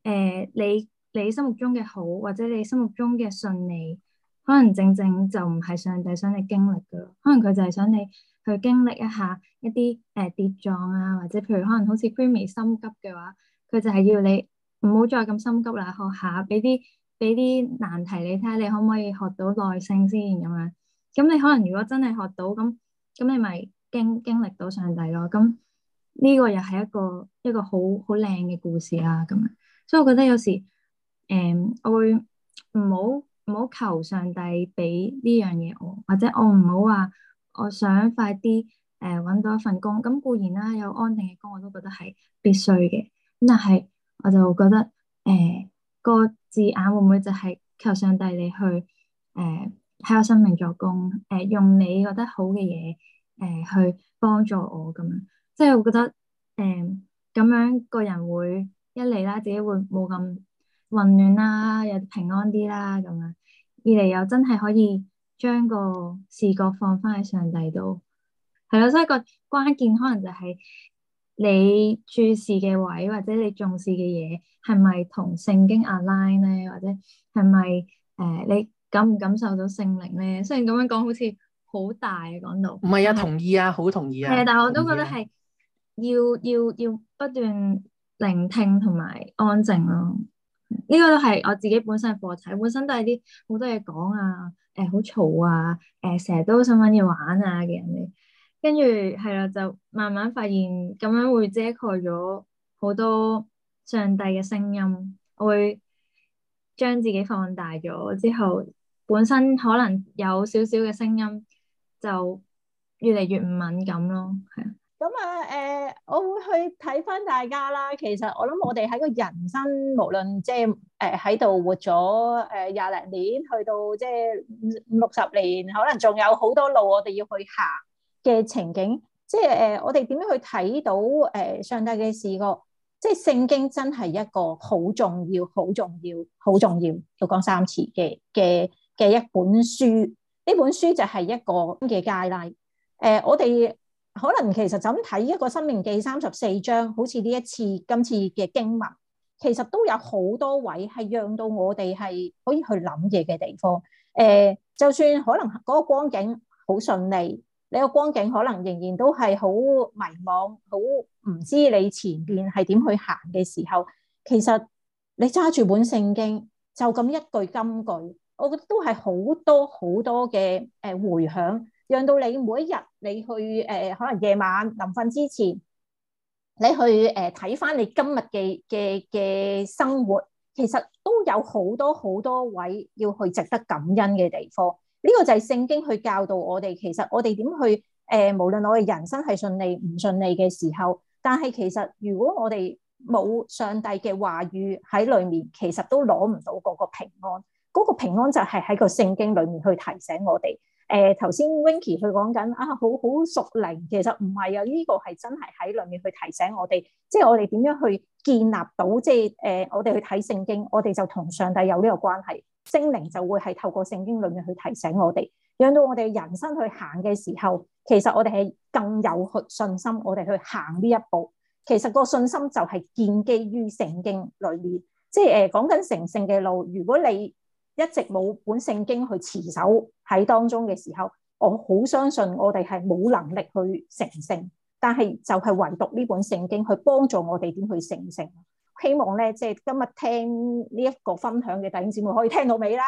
呃，你你心目中嘅好，或者你心目中嘅順利，可能正正就唔係上帝想你經歷嘅，可能佢就係想你去經歷一下一啲誒、呃、跌撞啊，或者譬如可能好似 Creamy 心急嘅話，佢就係要你唔好再咁心急啦，學下俾啲俾啲難題你睇下，你可唔可以學到耐性先咁樣？咁你可能如果真係學到咁。咁你咪經經歷到上帝咯，咁呢、呢個又係一個一個好好靚嘅故事啦、啊，咁樣，所以我覺得有時，誒、呃、我會唔好唔好求上帝俾呢樣嘢我，或者我唔好話我想快啲誒搵到一份工，咁固然啦、啊、有安定嘅工我都覺得係必須嘅，咁但係我就覺得誒、呃、個字眼會唔會就係求上帝你去誒？呃喺我生命作工，誒、呃，用你覺得好嘅嘢，誒、呃，去幫助我咁樣，即係我覺得，誒，咁樣個人會一嚟啦，自己會冇咁混亂啦，又平安啲啦，咁樣，二嚟又真係可以將個視覺放翻喺上帝度，係、嗯、咯，所以個關鍵可能就係你注視嘅位或者你重視嘅嘢係咪同聖經 align 咧，或者係咪誒你？感唔感受到聖靈咧？雖然咁樣講，好似好大講到。唔係啊，係，同意啊，好同意啊。係，但係我都覺得係要、啊、要要，要不斷聆聽同埋安靜咯。呢、嗯這個都係我自己本身嘅課題，本身都係啲好多嘢講啊，誒好嘈啊，誒成日都想搵嘢玩啊嘅人嚟。跟住係啦，就慢慢發現咁樣會遮蓋咗好多上帝嘅聲音。我會。將自己放大咗之後，本身可能有少少嘅聲音，就越嚟越唔敏感咯。係啊，咁啊，誒，我會去睇返大家啦。其實我諗我哋喺個人生，無論即係誒喺度活咗誒廿零年，去到即係五，五六十年，可能仲有好多路我哋要去行嘅情景。即係誒，我哋點樣去睇到誒、呃、上帝嘅視覺？即係聖經真係一個好重要、好重要、好重要，要講三次嘅嘅嘅一本書。呢本書就係一個嘅佳例。誒、呃，我哋可能其實就咁睇一個《申命記》三十四章，好似呢一次今次嘅經文，其實都有好多位係讓到我哋係可以去諗嘢嘅地方。誒、呃，就算可能嗰個光景好順利。你個光景可能仍然都係好迷茫，好唔知你前邊係點去行嘅時候，其實你揸住本聖經，就咁一句金句，我覺得都係好多好多嘅誒回響，讓到你每一日你去誒，可能夜晚臨瞓之前，你去誒睇翻，你今日嘅嘅嘅生活，其實都有好多好多位要去值得感恩嘅地方。呢個就係聖經去教導我哋，其實我哋點去？誒、呃，無論我哋人生係順利唔順利嘅時候，但係其實如果我哋冇上帝嘅話語喺裏面，其實都攞唔到嗰個平安。嗰、那個平安就係喺個聖經裡面去提醒我哋。誒、呃，頭先 Winky 佢講緊啊，好好熟齡熟靈，其實唔係啊，呢、這個係真係喺裏面去提醒我哋，即係我哋點樣去建立到，即係誒、呃，我哋去睇聖經，我哋就同上帝有呢個關係。聖靈就會係透過聖經裏面去提醒我哋，讓到我哋人生去行嘅時候，其實我哋係更有信心，我哋去行呢一步。其實個信心就係建基於聖經裏面，即係誒講緊成聖嘅路。如果你一直冇本聖經去持守喺當中嘅時候，我好相信我哋係冇能力去成聖。但係就係唯獨呢本聖經去幫助我哋點去成聖。希望咧，即係今日聽呢一個分享嘅弟兄姊妹可以聽到尾啦，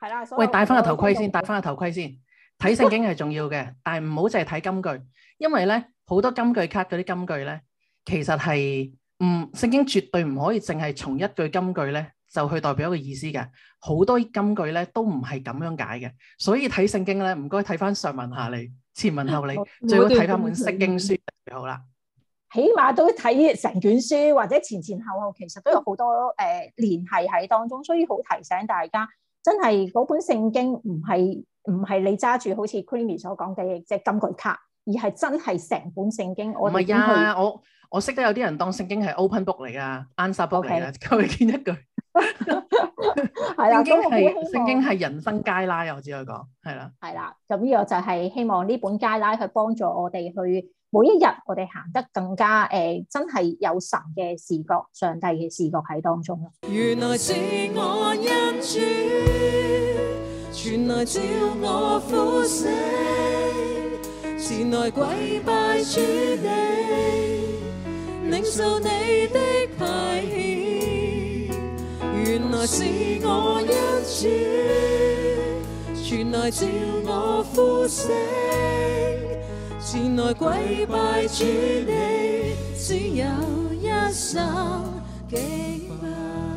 係啦。喂，戴翻個頭盔先，戴翻個頭盔先。睇聖經係重要嘅，但係唔好淨係睇金句，因為咧好多金句卡嗰啲金句咧，其實係唔聖經絕對唔可以淨係從一句金句咧就去代表一個意思嘅。好多金句咧都唔係咁樣解嘅，所以睇聖經咧，唔該睇翻上文下嚟，前文後理，最好睇翻本釋經書最好啦。起碼都睇成卷書，或者前前後後，其實都有好多誒聯、uh, 繫喺當中，所以好提醒大家，真係嗰本聖經唔係唔係你揸住好似 Creamy 所講嘅即係金句卡，而係真係成本聖經。我唔係啊，我呀 ya, 我識得有啲人當聖經係 open book 嚟噶，answer book 嚟噶，佢、okay. 見一句。係啊，聖經係聖經係人生佳拉啊！我只可以講係啦，係啦。咁呢個就係希望呢本佳拉去幫助我哋去。每一日我哋行得更加誒，真係有神嘅視覺，上帝嘅視覺喺當中啦。原來是我恩主，傳來照我呼聲，前來跪拜主你，領受你的派遣。原來是我恩主，傳來照我呼聲。前來跪拜主，你只有一生敬拜。